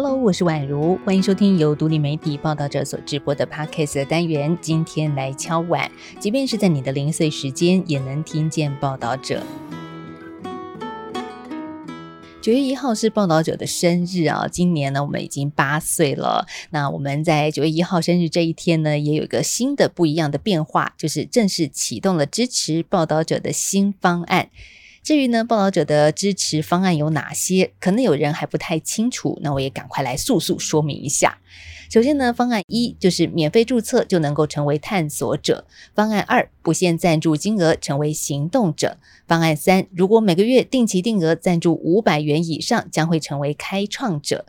Hello，我是婉如，歡迎收聽由獨立媒體報導者所直播的 Podcast 的單元。今天來敲婉，即便是在你的零碎時間，也能聽見報導者。九月一號是報導者的生日啊，今年呢我們已經八歲了。那我們在九月一號生日這一天呢，也有一個新的不一樣的變化，就是正式啟動了支持報導者的新方案。至於呢，報導者的支持方案有哪些？可能有人還不太清楚，那我也趕快來速速說明一下。首先呢，方案一就是免費注冊就能夠成為探索者；方案二不限贊助金額，成為行動者；方案三，如果每個月定期定額贊助五百元以上，將會成為開創者。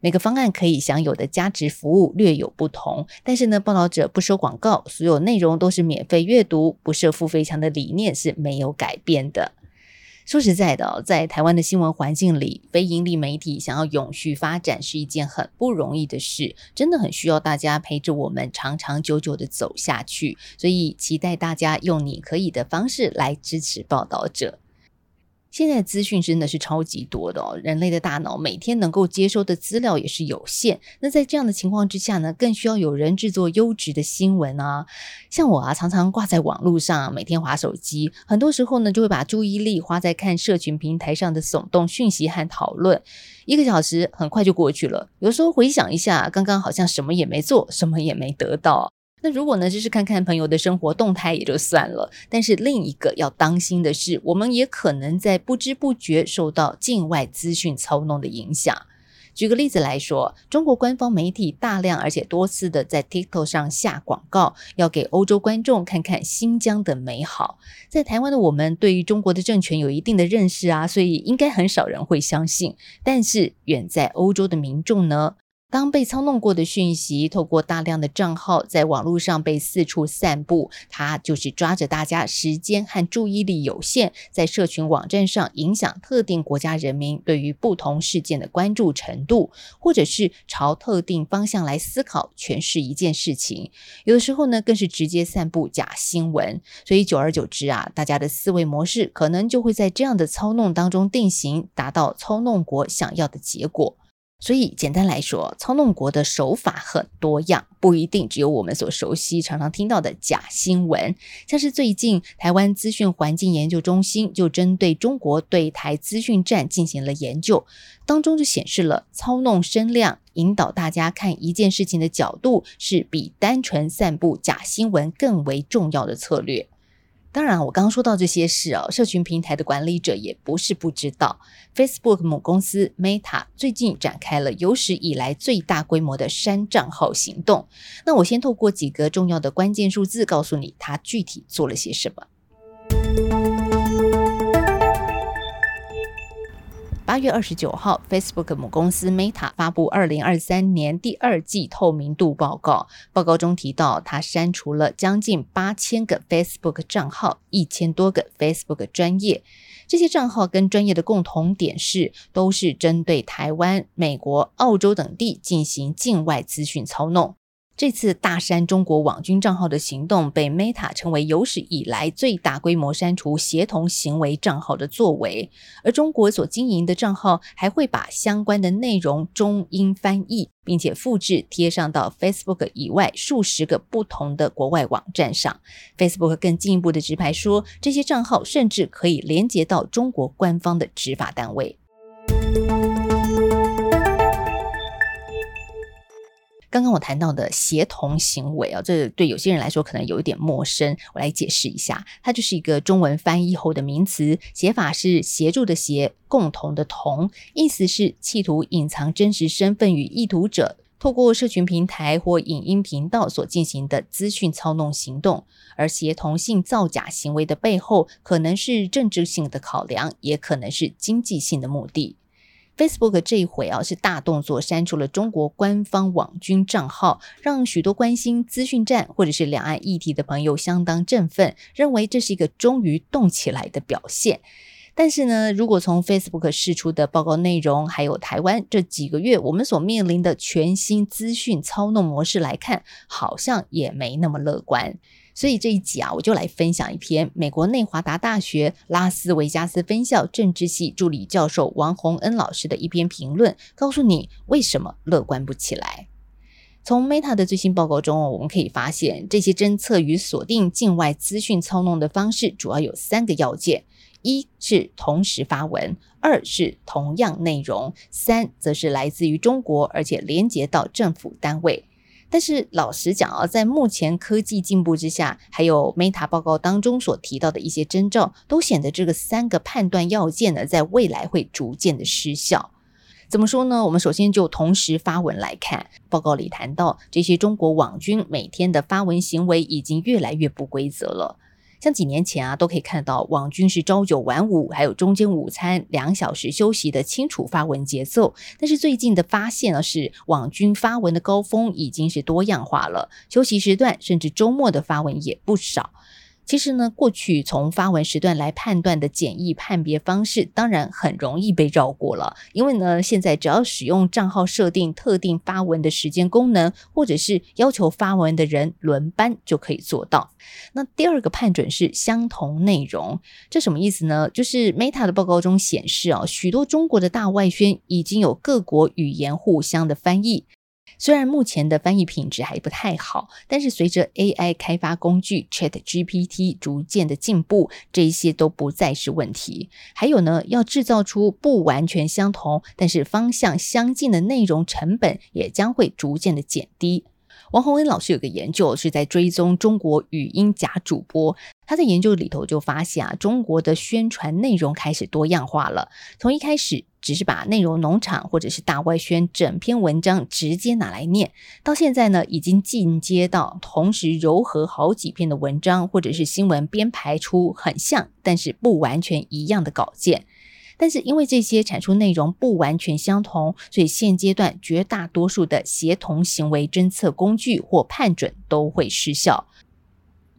每個方案可以享有的加值服務略有不同，但是呢，報導者不收廣告，所有內容都是免費閱讀，不設付費牆的理念是沒有改變的。說實在的，在台灣的新聞環境裡，非盈利媒體想要永續發展是一件很不容易的事，真的很需要大家陪着我們長長久久的走下去，所以，期待大家用你可以的方式來支持報道者。現在資訊真的是超級多的哦，人類的大腦每天能夠接收的資料也是有限。那在這樣的情況之下呢，更需要有人制作優質的新聞啊。像我啊，常常掛在網絡上，每天滑手機，很多時候呢，就會把注意力花在看社群平台上的聳動訊息和討論。一個小時很快就過去了，有時候回想一下，剛剛好像什麼也沒做，什麼也沒得到。那如果呢，就是看看朋友的生活動態也就算了，但是另一個要當心的是，我們也可能在不知不覺受到境外資訊操弄的影響。舉個例子來說，中國官方媒體大量而且多次的在 TikTok 上下廣告，要給歐洲觀眾看看新疆的美好。在台灣的我們，對於中國的政權有一定的認識啊，所以應該很少人會相信。但是遠在歐洲的民眾呢？當被操弄過的訊息透過大量的賬號在網絡上被四處散布，它就是抓着大家時間和注意力有限，在社群網站上影響特定國家人民對於不同事件的關注程度，或者是朝特定方向來思考，詮釋一件事情。有的時候呢，更是直接散布假新聞。所以久而久之啊，大家的思維模式可能就會在這樣的操弄當中定型，達到操弄國想要的結果。所以，簡單來說，操弄國的手法很多樣，不一定只有我們所熟悉、常常聽到的假新聞。像是最近台灣資訊環境研究中心就針對中國對台資訊戰進行了研究，當中就顯示了操弄聲量、引導大家看一件事情的角度，是比單純散布假新聞更為重要的策略。當然，我剛剛說到這些事哦，社群平台的管理者也不是不知道。Facebook 母公司 Meta 最近展開了有史以來最大規模的刪賬號行動。那我先透過幾個重要的關鍵數字，告訴你它具體做了些什麼。八月二十九號，Facebook 母公司 Meta 發布二零二三年第二季透明度報告。報告中提到，它刪除了將近八千個 Facebook 賬號，一千多個 Facebook 專頁。這些賬號跟專頁的共同點是，都是針對台灣、美國、澳洲等地進行境外資訊操弄。這次大刪中國網軍賬號的行動被 Meta 稱為有史以來最大規模刪除協同行為賬號的作為，而中國所經營的賬號還會把相關的內容中英翻譯，並且複製貼上到 Facebook 以外數十個不同的國外網站上。Facebook 更進一步的直白說，這些賬號甚至可以連接到中國官方的執法單位。剛剛我談到的協同行為啊，這對有些人來說可能有一點陌生。我來解釋一下，它就是一個中文翻譯後的名詞，寫法是“協助”的“協”，“共同”的“同”，意思是企圖隱藏真實身份與意圖者，透過社群平台或影音頻道所進行的資訊操弄行動。而協同性造假行為的背後，可能是政治性的考量，也可能是經濟性的目的。Facebook 這一回啊是大動作，刪除了中國官方網軍賬號，讓許多關心資訊戰或者是兩岸議題的朋友相當振奮，認為這是一個終於動起來的表現。但是呢，如果從 Facebook 釋出的報告內容，還有台灣這幾個月我們所面臨的全新資訊操弄模式來看，好像也沒那麼樂觀。所以這一集啊，我就來分享一篇美國內華達大學拉斯維加斯分校政治系助理教授王宏恩老師的一篇評論，告訴你為什麼樂觀不起來。從 Meta 的最新報告中，我們可以發現，這些偵測與鎖定境外資訊操弄的方式主要有三個要件：一是同時發文，二是同樣內容，三則是來自於中國，而且連接到政府單位。但是老實講啊，在目前科技進步之下，還有 Meta 報告當中所提到的一些徵兆，都顯得這個三個判斷要件呢，在未來會逐漸的失效。怎麼說呢？我們首先就同時發文來看，報告裡談到這些中國網軍每天的發文行為已經越來越不規則了。像幾年前啊，都可以看到網軍是朝九晚五，還有中間午餐兩小時休息的清楚發文節奏。但是最近的發現呢，是網軍發文的高峰已經是多樣化了，休息時段甚至週末的發文也不少。其實呢，過去從發文時段來判斷的簡易判別方式，當然很容易被繞過了。因為呢，現在只要使用賬號設定特定發文的時間功能，或者是要求發文的人輪班就可以做到。那第二個判準是相同內容。這什麼意思呢？就是 Meta 的報告中顯示啊，許多中國的大外宣已經有各國語言互相的翻譯。雖然目前的翻譯品質還不太好，但是隨着 AI 開發工具 ChatGPT 逐漸的進步，這一些都不再是問題。還有呢，要製造出不完全相同，但是方向相近的內容，成本也將會逐漸的減低。王宏恩老師有個研究是在追蹤中國語音假主播，他在研究裡頭就發現啊，中國的宣傳內容開始多樣化了。從一開始只是把內容農場或者是大外宣整篇文章直接拿來念，到現在呢，已經進階到同時糅合好幾篇的文章或者是新聞編排出很像但是不完全一樣的稿件。但是因為這些產出內容不完全相同，所以現階段絕大多數的協同行為偵測工具或判準都會失效。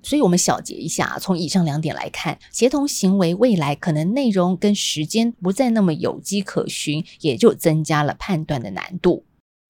所以，我們小結一下：從以上兩點來看，協同行為未來可能內容跟時間不再那麼有跡可循，也就增加了判斷的難度。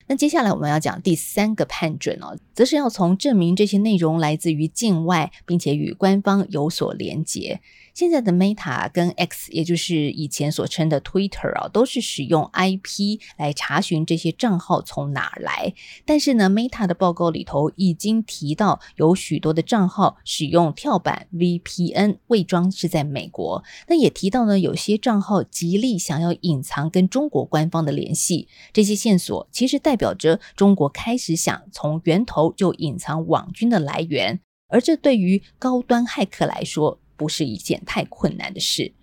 那接下來我們要講第三個判準哦，則是要從證明這些內容來自於境外，並且與官方有所連接。現在的 Meta 跟 X，也就是以前所稱的 Twitter 啊，都是使用 IP 來查詢這些賬號從哪來。但是呢，Meta 的報告裡頭已經提到，有許多的賬號使用跳板 VPN 偽裝是在美國。那也提到呢，有些賬號極力想要隱藏跟中國官方的聯繫。這些線索其實帶。代表着中國開始想從源頭就隱藏網軍的來源，而這對於高端駭客來說不是一件太困難的事。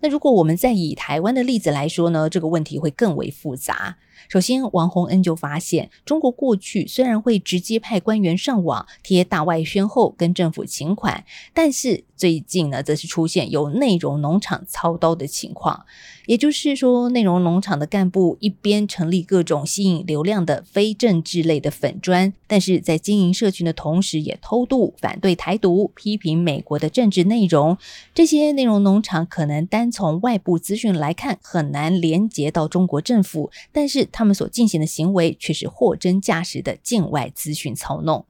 那如果我們再以台灣的例子來說呢？這個問題會更為複雜。首先，王宏恩就發現，中國過去雖然會直接派官員上網貼大外宣後跟政府請款，但是最近呢，則是出現有內容農場操刀的情況。也就是說，內容農場的幹部一邊成立各種吸引流量的非政治類的粉專，但是在經營社群的同時，也偷渡反對台獨、批評美國的政治內容。這些內容農場可能單從外部資訊來看很難連接到中國政府，但是。他們所進行的行為卻是貨真價實的境外資訊操弄。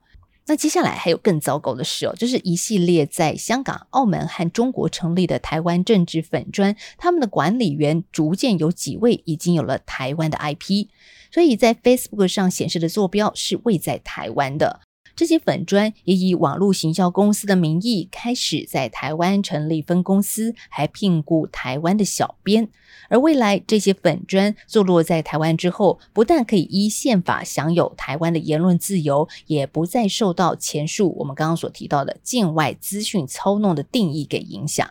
那接下來還有更糟糕的事哦，就是一系列在香港、澳門和中國成立的台灣政治粉專，他們的管理員逐漸有幾位已經有了台灣的 IP，所以在 Facebook 上顯示的坐標是位在台灣的。這些粉專也以網絡行銷公司的名義開始在台灣成立分公司，還聘雇台灣的小編。而未來這些粉專坐落在台灣之後，不但可以依憲法享有台灣的言論自由，也不再受到前述我們剛剛所提到的境外資訊操弄的定義給影響。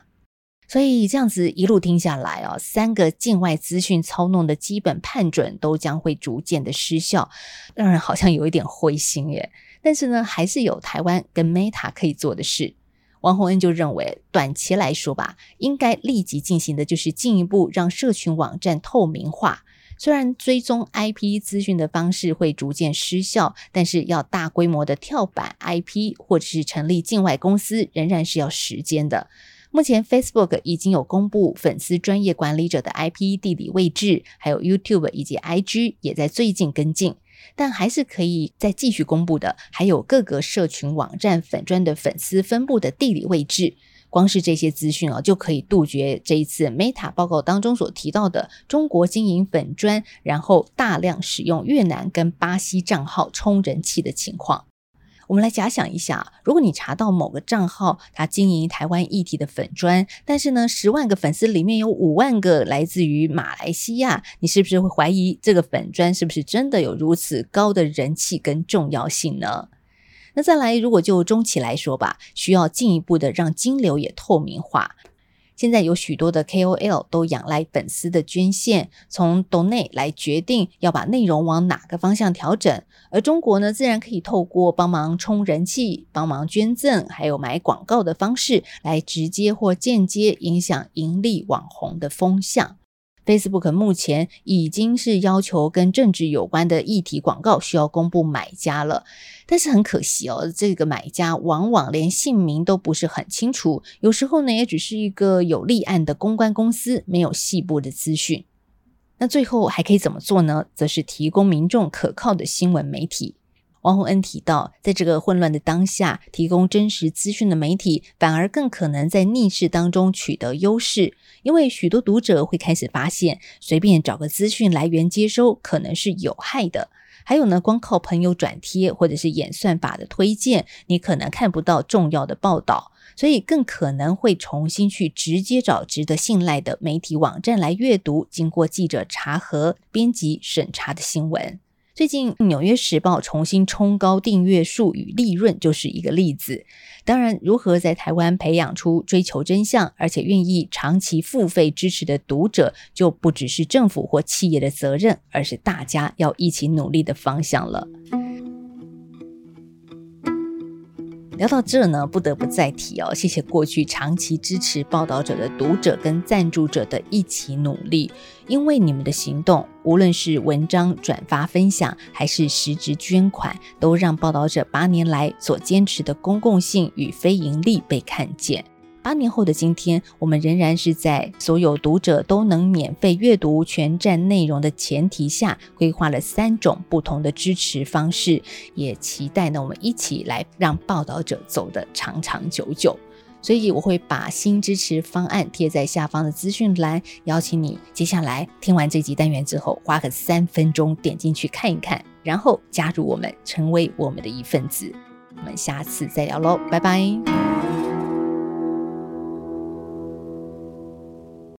所以這樣子一路聽下來啊，三個境外資訊操弄的基本判準都將會逐漸的失效，讓人好像有一點灰心耶。但是呢，還是有台灣跟 Meta 可以做的事。王宏恩就認為，短期來說吧，應該立即進行的就是進一步讓社群網站透明化。雖然追蹤 IP 資訊的方式會逐漸失效，但是要大規模的跳板 IP 或者是成立境外公司，仍然是要時間的。目前 Facebook 已經有公布粉絲專頁管理者的 IP 地理位置，還有 YouTube 以及 IG 也在最近跟進。但還是可以再繼續公布的，還有各個社群網站粉專的粉絲分布的地理位置，光是這些資訊啊，就可以杜絕這一次 Meta 報告當中所提到的中國經營粉專，然後大量使用越南跟巴西賬號充人氣的情況。我們來假想一下，如果你查到某個賬號，它經營台灣議題的粉專，但是呢，十萬個粉絲裡面有五萬個來自於馬來西亞，你是不是會懷疑這個粉專是不是真的有如此高的人氣跟重要性呢？那再來，如果就中期來說吧，需要進一步的讓金流也透明化。現在有許多的 KOL 都仰賴粉絲的捐獻，從 donate 來決定要把內容往哪個方向調整。而中國呢，自然可以透過幫忙充人氣、幫忙捐贈，還有買廣告的方式，來直接或間接影響盈利網紅的風向。Facebook 目前已經是要求跟政治有關的議題廣告需要公布買家了，但是很可惜哦，這個買家往往連姓名都不是很清楚，有時候呢也只是一個有立案的公關公司，沒有細部的資訊。那最後還可以怎麼做呢？則是提供民眾可靠的新聞媒體。王宏恩提到，在這個混亂的當下，提供真實資訊的媒體反而更可能在逆勢當中取得優勢，因為許多讀者會開始發現，隨便找個資訊來源接收可能是有害的。還有呢，光靠朋友轉貼或者是演算法的推薦，你可能看不到重要的報道，所以更可能會重新去直接找值得信賴的媒體網站來閱讀，經過記者查核、編輯審查的新聞。最近，《紐約時報》重新衝高訂閱數與利潤就是一個例子。當然，如何在台灣培養出追求真相而且願意長期付費支持的讀者，就不只是政府或企業的責任，而是大家要一起努力的方向了。聊到這呢，不得不再提哦，謝謝過去長期支持報道者的讀者跟贊助者的一起努力，因為你們的行動，無論是文章轉發分享，還是實質捐款，都讓報道者八年來所堅持的公共性與非營利被看見。八年後的今天，我們仍然是在所有讀者都能免費閱讀全站內容的前提下，規劃了三種不同的支持方式，也期待呢，我們一起來讓報道者走得長長久久。所以我會把新支持方案貼在下方的資訊欄，邀請你接下來聽完這集單元之後，花個三分鐘點進去看一看，然後加入我們，成為我們的一份子。我們下次再聊嘍，拜拜。